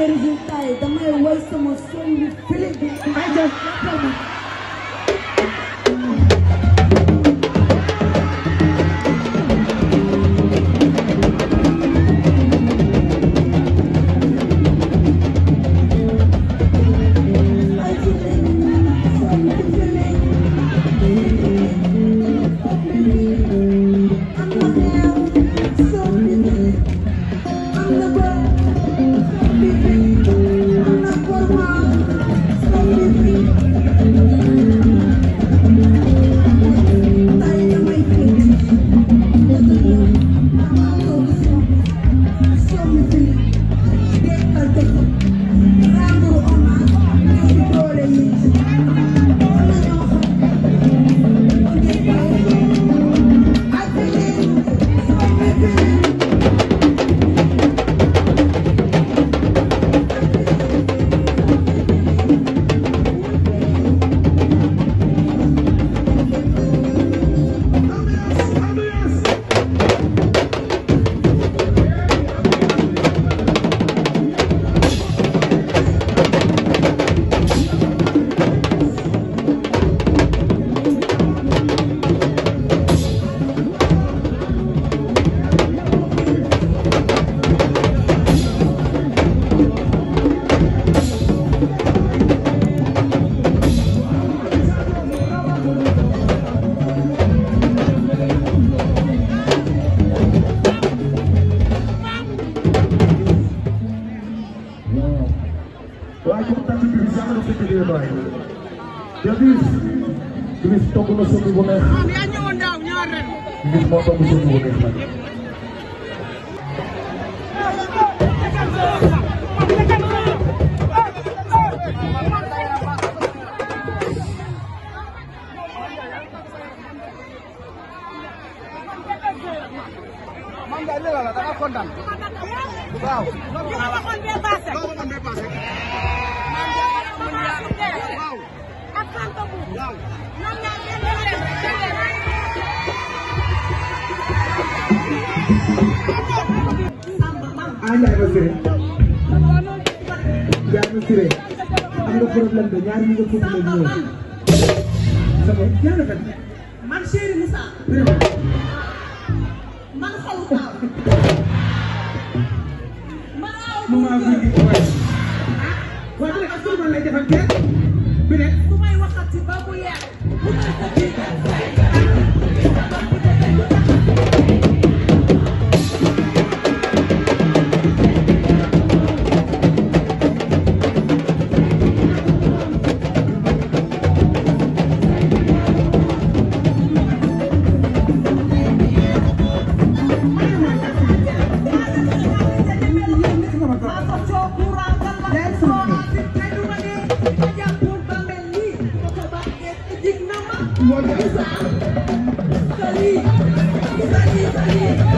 fekkee résultat yi damay woy sama son bi fili bi. ayca waaye ñu ko tànn bi di baay te bis bis togg na sëñ bu neex bis moo togg sëñ bu neex nag Ibrahima Siré Ibrahima am nga problème de ñaar ñi nga ko bëgg a ñëw. sama jaana kat. man chéri Moussa. man xolu Kaaw. man aw bi ma ngi ko waay. waaw bi nag ak suñu mën Sali, Sali, Sali.